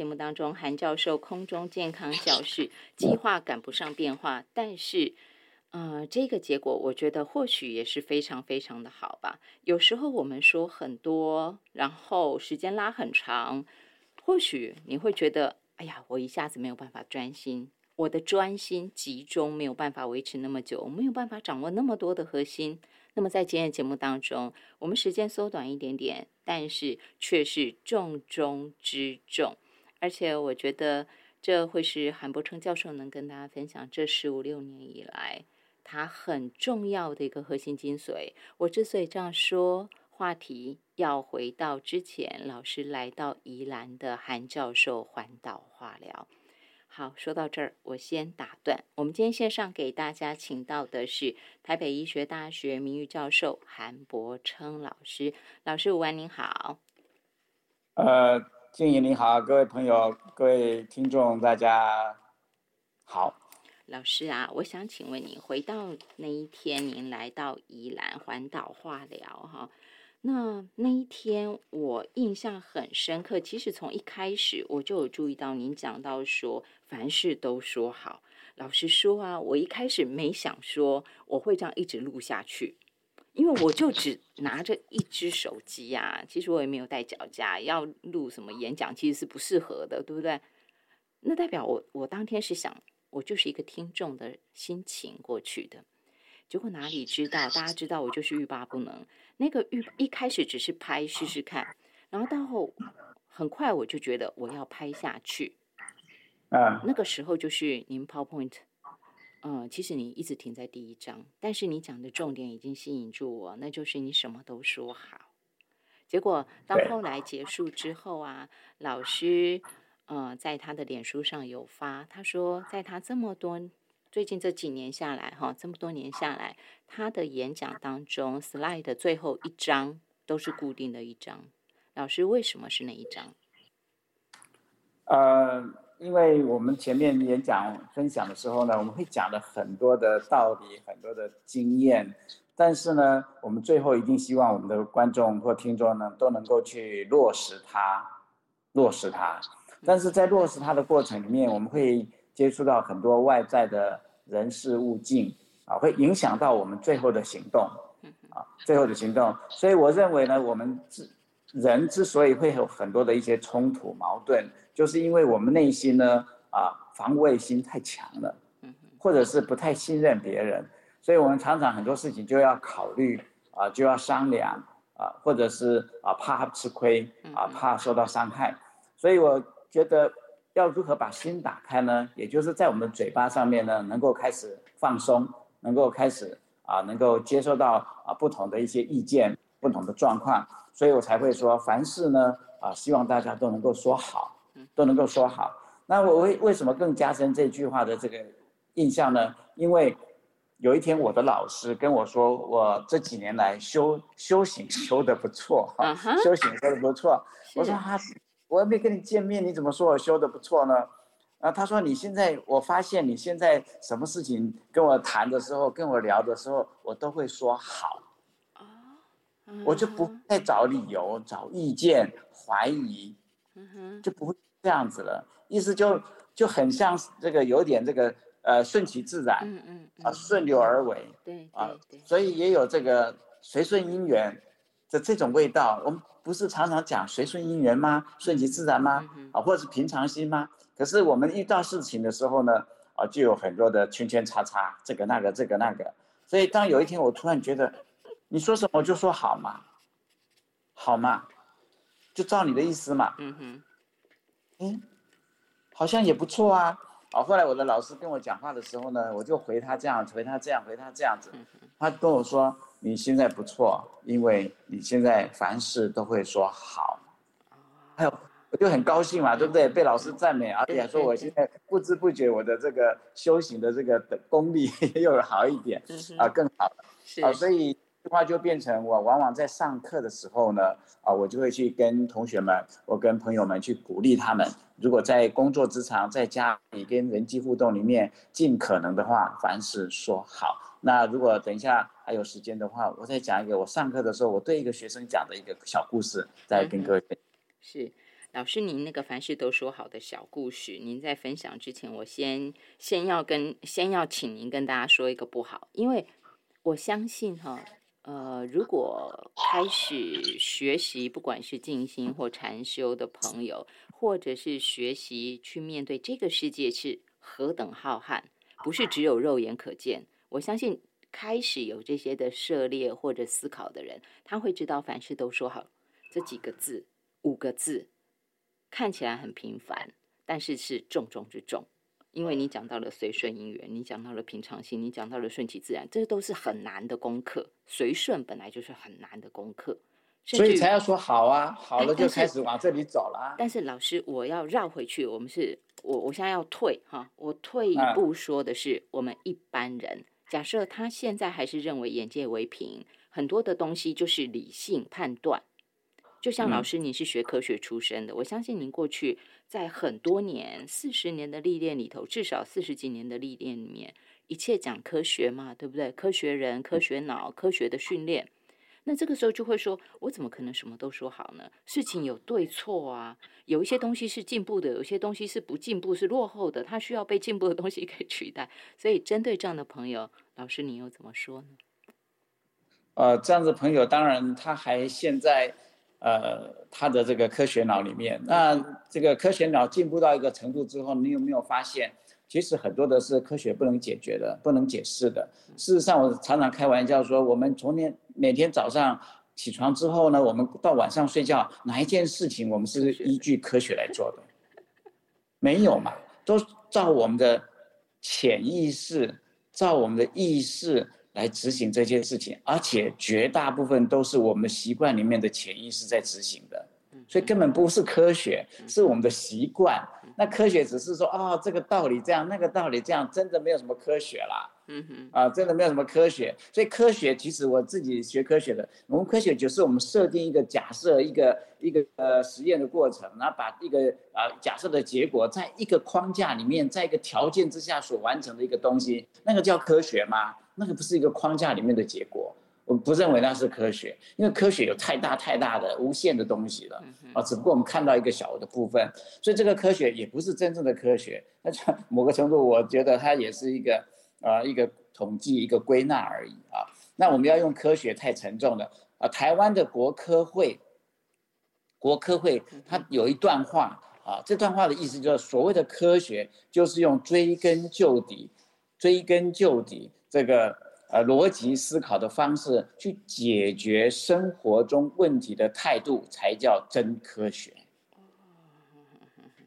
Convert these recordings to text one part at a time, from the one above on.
節目當中，韓教授空中健康教室計劃趕不上變化，但是，呃，這個結果我覺得或許也是非常非常的好吧。有時候我們說很多，然後時間拉很長，或許你會覺得，哎呀，我一下子沒有辦法專心，我的專心集中沒有辦法維持那麼久，我沒有辦法掌握那麼多的核心。那麼在今天的節目當中，我們時間縮短一點點，但是卻是重中之重。而且我覺得這會是韓博稱教授能跟大家分享這十五六年以來他很重要的一個核心精髓。我之所以這樣說，話題要回到之前老師來到宜蘭的韓教授環島化療。好，說到這兒，我先打斷。我們今天線上給大家請到的是台北醫學大學名譽教授韓博稱老師。老師，午安，您好。呃、uh。靜怡，您好，各位朋友、各位聽眾，大家好。老師啊,我想請問你，回到那一天，您來到宜蘭環島化療哈？那那一天我印象很深刻。其實從一開始我就有注意到，您講到說凡事都說好。老實說啊，我一開始沒想說我會這樣一直錄下去。因為我就只拿着一只手機呀、啊，其實我也沒有帶腳架，要錄什麼演講其實是不適合的，對不對？那代表我我當天是想，我就是一個聽眾的心情過去的，結果哪裡知道？大家知道，我就是欲罷不能。那個欲一開始只是拍試試看，然後到後很快我就覺得我要拍下去，啊，那個時候就是您 PowerPoint。嗯，其實你一直停在第一章，但是你講的重點已經吸引住我，那就是你什麼都說好。結果到後來結束之後啊，對老師，呃，在他的臉書上有發，他說在他這麼多最近這幾年下來，哈、啊，這麼多年下來，他的演講當中 slide 的最後一張都是固定的一張。老師為什麼是那一張？Uh 因為我們前面演講分享的時候呢，我們會講了很多的道理，很多的經驗，但是呢，我們最後一定希望我們的觀眾或聽眾呢，都能夠去落實它，落實它。但是在落實它的過程裡面，我們會接觸到很多外在的人事物境啊，會影響到我們最後的行動啊，最後的行動。所以我認為呢，我們之人之所以會有很多的一些衝突矛盾。就是因為我們內心呢啊、呃、防衛心太強了，或者是不太信任別人，所以我們常常很多事情就要考慮啊、呃、就要商量啊、呃，或者是啊、呃、怕吃虧啊、呃、怕受到傷害，所以我覺得要如何把心打開呢？也就是在我們的嘴巴上面呢，能夠開始放鬆，能夠開始啊、呃、能夠接受到啊、呃、不同的一些意見，不同的狀況，所以我才會說凡事呢啊、呃、希望大家都能夠說好。都能夠說好，那我為為什麼更加深這句話的這個印象呢？因為有一天我的老師跟我說，我這幾年來修修行修得不錯，哈，修行修得不錯。我說哈、uh huh. 啊，我還沒跟你見面，你怎麼說我修得不錯呢？啊，他說你現在我發現你現在什麼事情跟我談的時候，跟我聊的時候，我都會說好，uh huh. 我就不再找理由、找意見、懷疑，uh huh. 就不會。這樣子了，意思就就很像這個，有點這個呃順其自然，嗯，嗯嗯，啊順流而為，嗯、對，對，對，啊，所以也有這個隨順因緣的這種味道。我們不是常常講隨順因緣嗎？順其自然嗎？啊，或者是平常心嗎？可是我們遇到事情的時候呢，啊，就有很多的圈圈叉，叉叉，這個那個，這個那個。所以當有一天我突然覺得，你說什麼就說好嘛，好嘛，就照你的意思嘛。嗯哼。嗯，好像也不錯啊。啊，後來我的老師跟我講話的時候呢，我就回他這樣，回他這樣，回他這樣子。他跟我說：“你現在不錯，因為你現在凡事都會說好。”還有，我就很高興嘛，對不對？嗯、被老師讚美，嗯、而且說我現在不知不覺我的這個修行的這個功力又好一點、嗯、是是啊，更好了。是。啊、所以。話就變成我往往在上課的時候呢，啊、呃，我就會去跟同學們，我跟朋友們去鼓勵他們。如果在工作職場、在家裡跟人際互動裡面，盡可能的話，凡事說好。那如果等一下還有時間的話，我再講一個我上課的時候我對一個學生講的一個小故事，再跟各位、嗯。是老師，您那個凡事都說好的小故事，您在分享之前，我先先要跟先要請您跟大家說一個不好，因為我相信哈。呃，如果開始學習，不管是靜心或禪修的朋友，或者是學習去面對這個世界是何等浩瀚，不是只有肉眼可見。我相信，開始有這些的涉獵或者思考的人，他會知道，凡事都說好這幾個字，五個字看起來很平凡，但是是重中之重。因為你講到了隨順因緣，你講到了平常心，你講到了順其自然，這都是很難的功課。隨順本來就是很難的功課，所以才要說好啊，好了就開始往這裡走了，啊，但。但是老師，我要繞回去，我們是我我，現在要退哈，我退一步說的是，我們一般人、嗯、假設他現在還是認為眼見為憑，很多的東西就是理性判斷。就像老師，你是學科學出身的，嗯、我相信您過去在很多年、四十年的歷練裡頭，至少四十幾年的歷練裡面，一切講科學嘛，對不對？科學人、科學腦、科學的訓練，那這個時候就會說，我怎麼可能什麼都說好呢？事情有對錯啊，有一些東西是進步的，有一些東西是不進步、是落後的，它需要被進步的東西給取代。所以，針對這樣的朋友，老師你又怎麼說呢？呃，這樣子朋友，當然他還現在。呃，他的這個科學腦裡面，那這個科學腦進步到一個程度之後，你有沒有發現，其實很多的是科學不能解決的、不能解釋的？事實上，我常常開玩笑說，我們從年每天早上起床之後呢，我們到晚上睡覺，哪一件事情我們是依據科學來做的？科學。沒有嘛，都照我們的潛意識，照我們的意識來執行這件事情，而且絕大部分都是我們習慣裡面的潛意識在執行的，所以根本不是科學，是我們的習慣。那科學只是說啊、哦，這個道理這樣，那個道理這樣，真的沒有什麼科學啦。嗯嗯哼，啊，真的沒有什麼科學。所以科學，其實我自己學科學的，我們科學就是我們設定一個假設，一個一個呃實驗的過程，然後把一個啊、呃、假設的結果，在一個框架裡面，在一個條件之下所完成的一個東西，嗯、那個叫科學嗎？那個不是一個框架裡面的結果，我不認為那是科學，因為科學有太大太大的無限的東西了啊。只不過我們看到一個小的部分，所以這個科學也不是真正的科學。那某個程度，我覺得它也是一個啊、呃，一個統計，一個歸納而已啊。那我們要用科學太沉重了啊。台灣的國科會，國科會它有一段話啊，這段話的意思就是所謂的科學就是用追根究底。追根究底，這個呃邏輯思考的方式去解決生活中問題的態度，才叫真科學。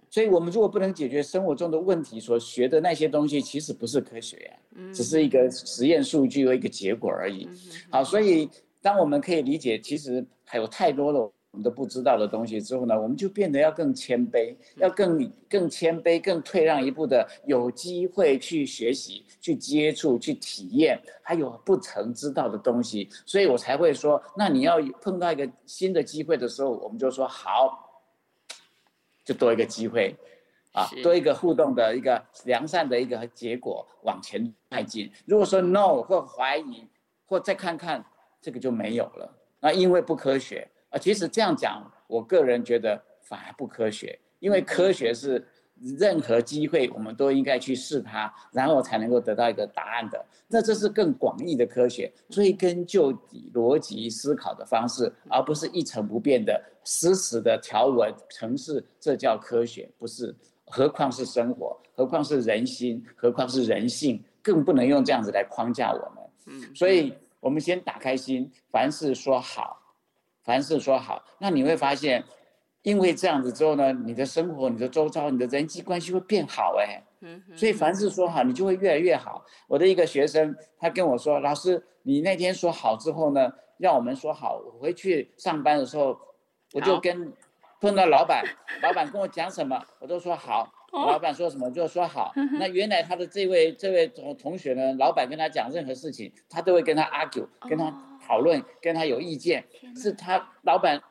所以，我們如果不能解決生活中的問題，所學的那些東西其實不是科學呀，只是一個實驗數據和一個結果而已。好，所以當我們可以理解，其實還有太多的。我們都不知道的東西之後呢，我們就變得要更謙卑，要更更謙卑、更退讓一步的，有機會去學習、去接觸、去體驗，還有不曾知道的東西。所以我才會說，那你要碰到一個新的機會的時候，我們就說好，就多一個機會，啊，是多一個互動的一個良善的一個結果往前邁進。如果說 no 或懷疑或再看看，這個就沒有了，那因為不科學。啊，其實這樣講，我個人覺得反而不科學，因為科學是任何機會我們都應該去試它，然後才能夠得到一個答案的。那這是更廣義的科學，追根究底、邏輯思考的方式，而不是一成不變的死死的條文程式。這叫科學，不是？何況是生活，何況是人心，何況是人性，更不能用這樣子來框架我們。嗯，所以我們先打開心，凡事說好。凡事說好，那你會發現，因為這樣子之後呢，你的生活、你的周遭、你的人際關係會變好哎。 所以凡事說好，你就會越來越好。我的一個學生，他跟我說：“老師，你那天說好之後呢，讓我們說好，我回去上班的時候，我就跟好碰到老闆，老闆跟我講什麼，我都說好。 老闆說什麼就說好。 那原來他的這位這位同同學呢，老闆跟他講任何事情，他都會跟他 argue 跟他。”討論跟他有意見，哪是他老板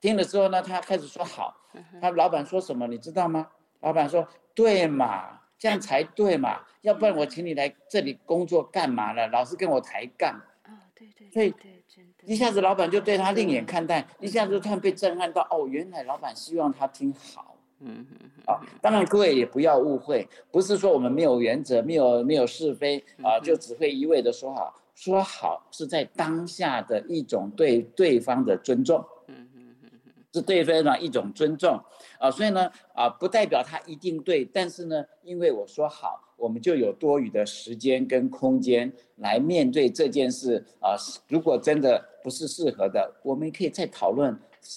聽了之後呢，他開始說好。他老板說什麼你知道嗎？老板說對嘛，這樣才對嘛，要不然我請你來這裡工作幹嘛呢？老是跟我抬槓，哦。對，對，對，對，所以對對對，一下子老板就對他另眼看待，對對，一下子他被震撼到，哦，原來老板希望他聽好。嗯嗯嗯啊，當然，各位也不要誤會，不是說我們沒有原則、沒有沒有是非啊、呃，就只會一味的說好。說好是在當下的一種對對方的尊重，嗯嗯嗯嗯，是對對方的一種尊重啊、呃，所以呢啊、呃，不代表他一定對，但是呢，因為我說好，我們就有多餘的時間跟空間來面對這件事啊、呃。如果真的不是適合的，我們可以再討論，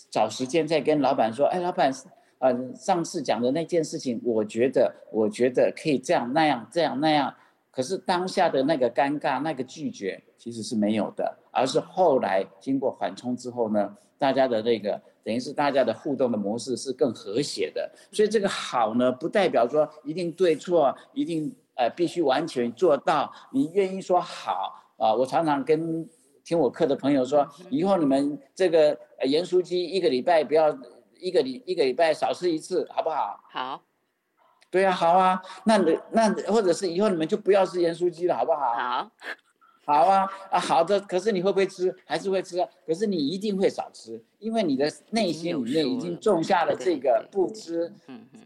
找時間再跟老闆說，哎，老闆。呃，上次講的那件事情，我覺得，我覺得可以這樣那樣這樣那樣。可是當下的那個尷尬、那個拒絕，其實是沒有的，而是後來經過緩衝之後呢，大家的那個等於是大家的互動的模式是更和諧的。所以這個好呢，不代表說一定對錯，一定呃必須完全做到。你願意說好啊，呃？我常常跟聽我課的朋友說，以後你們這個嚴書記一個禮拜不要。一個禮一個禮拜少吃一次，好不好？好，對啊，好啊。那你那或者是以後你們就不要吃鹽酥雞了，好不好？好，好啊，啊，好的。可是你會不會吃？還是會吃啊？可是你一定會少吃，因為你的內心裡面已經種下了這個不吃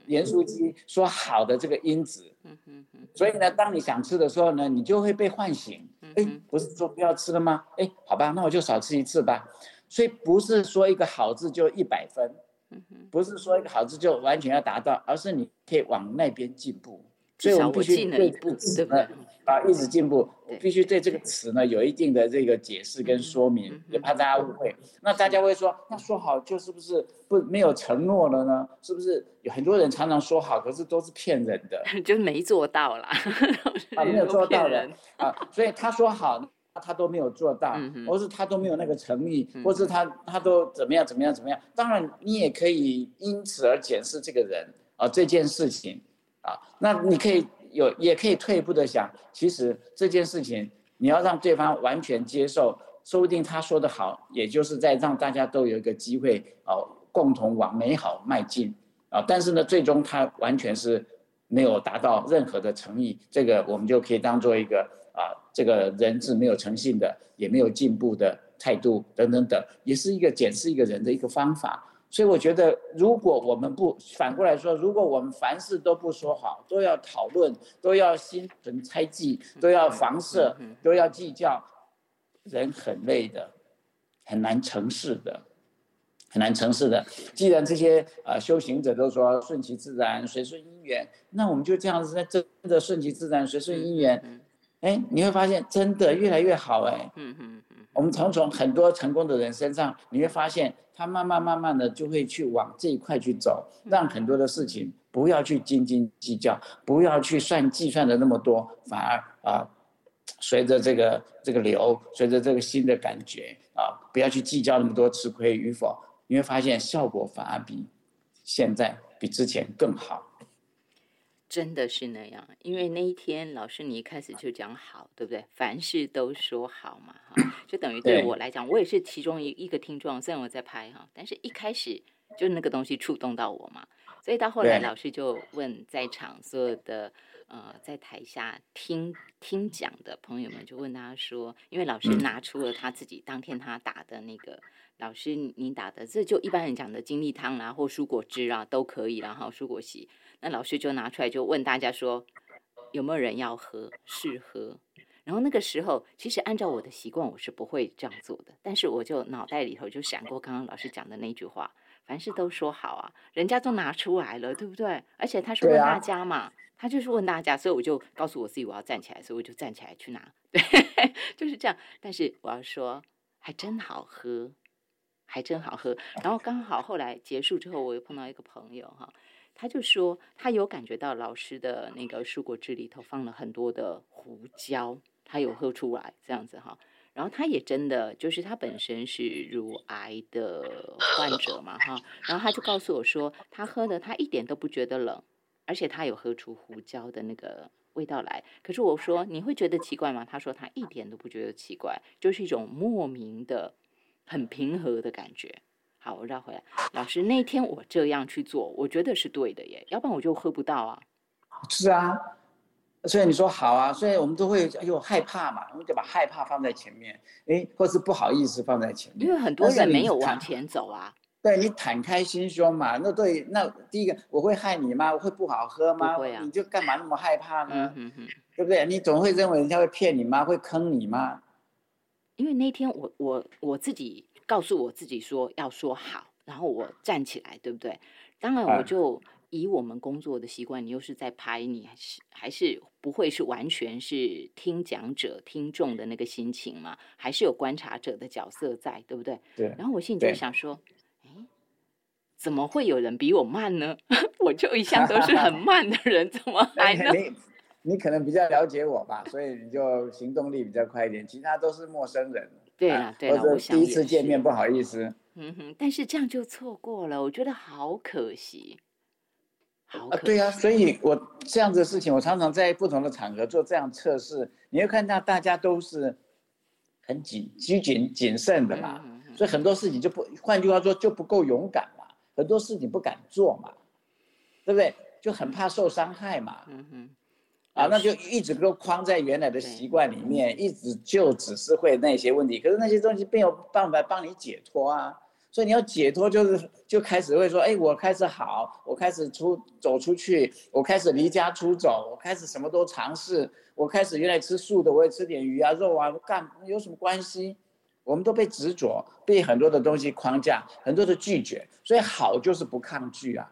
鹽酥雞說好的這個因子。嗯嗯嗯。所以呢，當你想吃的時候呢，你就會被喚醒。哎，嗯嗯，不是說不要吃了嗎？哎，好吧，那我就少吃一次吧。所以不是說一個好字就一百分。 不是說一個好字就完全要達到，而是你可以往那邊進步。所以，我們必須步步啊，一直進步。對我必須對這個詞呢對有一定的這個解釋跟說明，也對怕大家誤會。對那大家會說，那、啊、說好就是不是不沒有承諾了呢？是不是有很多人常常說好，可是都是騙人的？ 就是沒做到啦 啊，沒有做到人啊，所以他說好。 他都沒有做到，嗯、哼或是他都沒有那個誠意，嗯、哼或是他他都怎麼樣怎麼樣怎麼樣？當然，你也可以因此而檢視這個人啊，這件事情啊，那你可以有，也可以退一步的想，其實這件事情你要讓對方完全接受，說不定他說的好，也就是在讓大家都有一個機會啊，共同往美好邁進啊。但是呢，最終他完全是沒有達到任何的誠意，這個我們就可以當做一個。啊，這個人是沒有誠信的，也沒有進步的態度，等等等，也是一個檢視一個人的一個方法。所以我覺得，如果我們不反過來說，如果我們凡事都不說好，都要討論，都要心存猜忌，都要防設，都要計較，人很累的，很難成事的，很難成事的。既然這些啊、呃、修行者都說順其自然，隨順因緣，那我們就這樣子在真的順其自然，隨順因緣。嗯，嗯，嗯。哎，誒，你會發現真的越來越好哎。嗯嗯嗯，我們從從很多成功的人身上，你會發現他慢慢慢慢的就會去往這一塊去走，讓很多的事情不要去斤斤計較，不要去算計算的那麼多，反而啊，隨着這個這個流，隨着這個新的感覺啊，不要去計較那麼多吃虧與否，你會發現效果反而比現在比之前更好。真的是那樣，因為那一天老師你一開始就講好，對不對？凡事都說好嘛，哈，就等於對我來講，對我也是其中一個聽眾。雖然我在拍哈，但是一開始就那個東西觸動到我嘛，所以到後來老師就問在場所有的對呃在台下聽聽講的朋友們，就問他說，因為老師拿出了他自己當天他打的那個，老師你打的這就一般人講的精力湯啦、啊、或蔬果汁啊都可以，然後蔬果昔那老師就拿出來，就問大家說：“有沒有人要喝？試喝。然後那個時候，其實按照我的習慣，我是不會這樣做的。但是我就腦袋裡頭就閃過剛剛老師講的那句話：“凡事都說好啊，人家都拿出來了，對不對？”而且他說“大家嘛”，啊、他就是問大家，所以我就告訴我自己我要站起來，所以我就站起來去拿。對，就是這樣。但是我要說，還真好喝，還真好喝。然後剛好後來結束之後，我又碰到一個朋友，哈。他就說，他有感覺到老師的那個蔬果汁裡頭放了很多的胡椒，他有喝出來這樣子哈。然後他也真的，就是他本身是乳癌的患者，嘛哈。然後他就告訴我說，他喝的他一點都不覺得冷，而且他有喝出胡椒的那個味道來。可是我說，你會覺得奇怪嗎？他說他一點都不覺得奇怪，就是一種莫名的很平和的感覺。好，我繞回來。老師，那天我這樣去做，我覺得是對的耶，要不然我就喝不到啊。是啊，所以你說好啊，所以我們都會有害怕嘛，我們就把害怕放在前面，哎，或是不好意思放在前面，因為很多人沒有往前走啊。對你坦開心胸嘛，那對，那第一個我會害你嗎？我會不好喝嗎？不會啊，你就幹嘛那麼害怕呢？嗯哼哼對不對？你總會認為人家會騙你嗎？會坑你嗎？因為那天我我我自己。告訴我自己說要說好，然後我站起來，對不對？當然，我就以我們工作的習慣，啊、你又是在拍，你還是還是不會是完全是聽講者、聽眾的那個心情嘛？還是有觀察者的角色在，對不對？對。然後我心裡就想說對誒，怎麼會有人比我慢呢？ 我就一向都是很慢的人， 怎麼來呢？ 你你可能比較了解我吧，所以你就行動力比較快一點，其他都是陌生人。對啊，對啊。我第一次見面，不好意思。嗯哼，但是這樣就錯過了，我覺得好可惜，好可惜啊！對啊，所以我這樣子的事情，我常常在不同的場合做這樣測試。你會看到大家都是很謹拘謹、謹慎的嘛？嗯、哼哼，所以很多事情就不，換句話說就不夠勇敢嘛，很多事情不敢做嘛，對不對？就很怕受傷害嘛。嗯哼。啊，那就一直都框在原來的習慣裡面，嗯、一直就只是會那些問題，嗯、可是那些東西沒有辦法幫你解脫啊。所以你要解脫，就是就開始會說，哎，我開始好，我開始出走出去，我開始離家出走，我開始什麼都嘗試，我開始原來吃素的，我也吃點魚啊肉啊，幹有什麼關係？我們都被執着，被很多的東西框架，很多的拒絕。所以好就是不抗拒啊。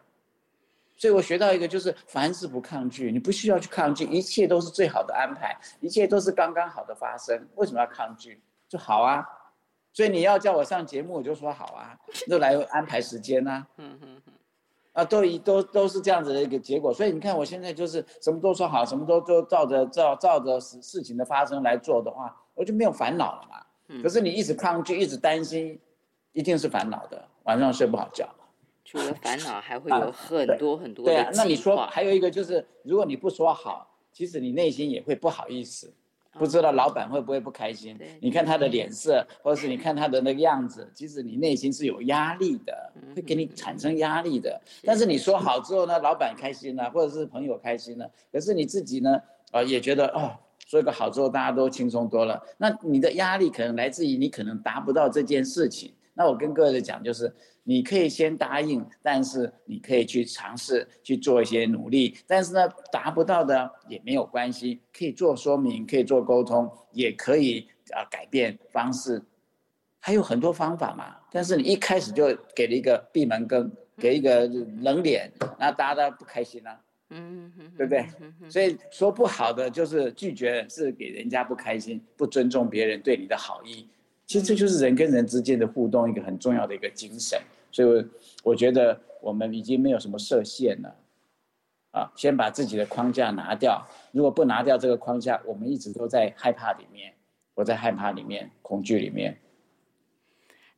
所以，我學到一個就是，凡事不抗拒，你不需要去抗拒，一切都是最好的安排，一切都是剛剛好的發生。為什麼要抗拒？就好啊。所以你要叫我上節目，我就說好啊，就來安排時間吶、啊。嗯嗯嗯。啊，都一都都是這樣子的一個結果。所以你看，我現在就是什麼都說好，什麼都都照着照照着事事情的發生來做的話，我就沒有煩惱了嘛。 可是你一直抗拒，一直擔心，一定是煩惱的，晚上睡不好覺。除了煩惱，還會有很多很多的啊。對、對啊，那你說還有一個就是，如果你不說好，其實你內心也會不好意思，哦、不知道老闆會不會不開心。你看他的臉色，或者是你看他的那個樣子，其實你內心是有壓力的，嗯、會給你產生壓力的。是，但是你說好之後呢，老闆開心了，啊，或者是朋友開心了，啊，可是你自己呢，啊、呃，也覺得哦，說一個好之後，大家都輕鬆多了。那你的壓力可能來自於你可能達不到這件事情。那我跟各位講就是。你可以先答應，但是你可以去嘗試去做一些努力，但是呢，達不到的也沒有關係，可以做說明，可以做溝通，也可以啊、呃、改變方式，還有很多方法嘛。但是你一開始就給了一個閉門羹，給一個冷臉，那大家都不開心了，嗯，對不對？所以說不好的就是拒絕是給人家不開心，不尊重別人對你的好意。其實這就是人跟人之間的互動一個很重要的一個精神。所以我覺得我們已經沒有什麼設限了，啊，先把自己的框架拿掉。如果不拿掉這個框架，我們一直都在害怕裡面，我在害怕裡面，恐懼裡面。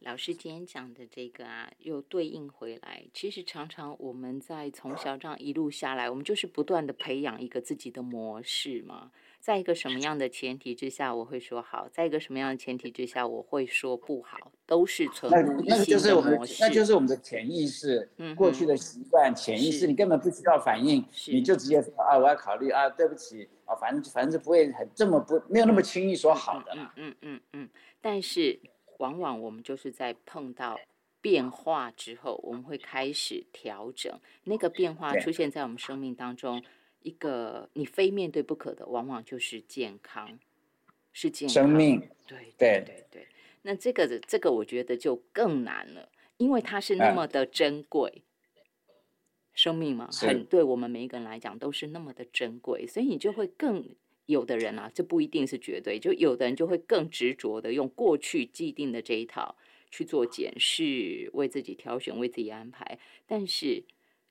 老師今天講的這個啊，又對應回來。其實常常我們在從小這樣一路下來，我們就是不斷的培養一個自己的模式嘛。在一個什麼樣的前提之下，我會說好；在一個什麼樣的前提之下，我會說不好，都是存在已久的模式，那就是我們，那就是我們的潛意識，嗯、哼過去的習慣，潛意識是你根本不需要反應，是你就直接說啊，我要考慮啊，對不起啊，反正反正是不會很這麼不沒有那麼輕易說好的嘛。嗯嗯嗯嗯,嗯，但是往往我們就是在碰到變化之後，我們會開始調整。那個變化出現在我們生命當中。對嗯一個你非面對不可的，往往就是健康，是健康，生命，對對對，對，對。那這個這個，我覺得就更難了，因為它是那麼的珍貴，啊、生命嘛，是很對我們每一個人來講都是那麼的珍貴，所以你就會更有的人啊，這不一定是絕對，就有的人就會更執着的用過去既定的這一套去做檢視，為自己挑選，為自己安排，但是。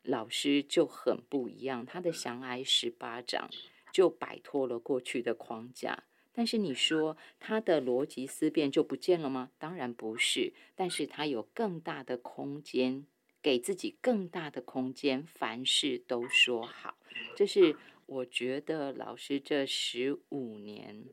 老師就很不一樣，他的降龍十八掌就擺脫了過去的框架，但是你說他的邏輯思辨就不見了嗎？當然不是，但是他有更大的空間，給自己更大的空間，凡事都說好，這是我覺得老師這十五年。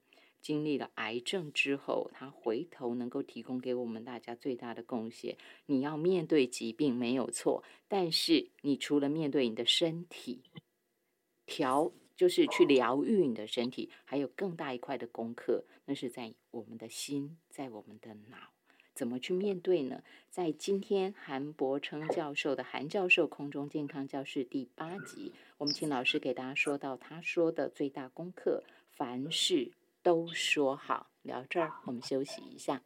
經歷了癌症之後，他回頭能夠提供給我們大家最大的貢獻。你要面對疾病沒有錯，但是你除了面對你的身體，調就是去療癒你的身體，還有更大一塊的功課，那是在我們的心，在我們的腦，怎麼去面對呢？在今天韓柏檉教授的韓教授空中健康教室第八集，我們請老師給大家說到他說的最大功課，凡事都說好，聊這兒，我們休息一下。